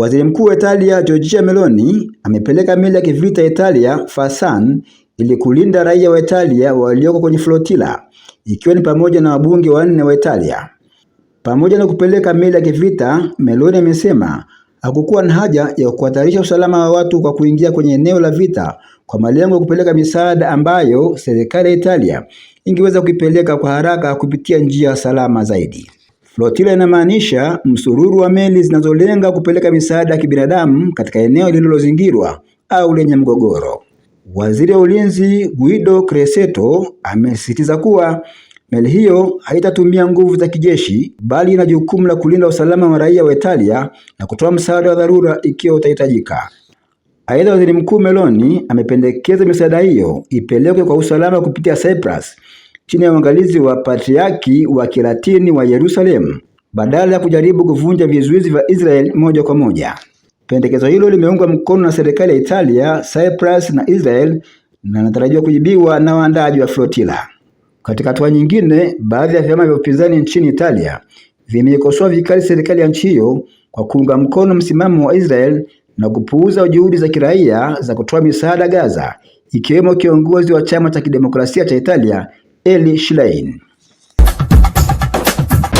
Waziri Mkuu wa Italia Giorgia Meloni amepeleka meli ya kivita Italia Fasan ili kulinda raia wa Italia walioko kwenye flotila, ikiwa ni pamoja na wabunge wanne wa Italia. Pamoja na kupeleka meli ya kivita, Meloni amesema hakukuwa na haja ya kuhatarisha usalama wa watu kwa kuingia kwenye eneo la vita kwa malengo ya kupeleka misaada ambayo serikali ya Italia ingeweza kuipeleka kwa haraka kupitia njia salama zaidi. Flotila inamaanisha msururu wa meli zinazolenga kupeleka misaada ya kibinadamu katika eneo lililozingirwa au lenye mgogoro. Waziri wa Ulinzi Guido Creseto amesisitiza kuwa meli hiyo haitatumia nguvu za kijeshi bali ina jukumu la kulinda usalama wa raia wa Italia na kutoa msaada wa dharura ikiwa utahitajika. Aidha, Waziri Mkuu Meloni amependekeza misaada hiyo ipelekwe kwa usalama kupitia Cyprus chini ya uangalizi wa Patriaki wa Kilatini wa Yerusalemu badala ya kujaribu kuvunja vizuizi vya Israel moja kwa moja. Pendekezo hilo limeungwa mkono na serikali ya Italia, Cyprus na Israel na natarajiwa kujibiwa na waandaaji wa flotila. Katika hatua nyingine, baadhi ya vyama vya upinzani nchini Italia vimeikosoa vikali serikali ya nchi hiyo kwa kuunga mkono msimamo wa Israel na kupuuza juhudi za kiraia za kutoa misaada Gaza, ikiwemo kiongozi wa chama cha kidemokrasia cha Italia eli Schlein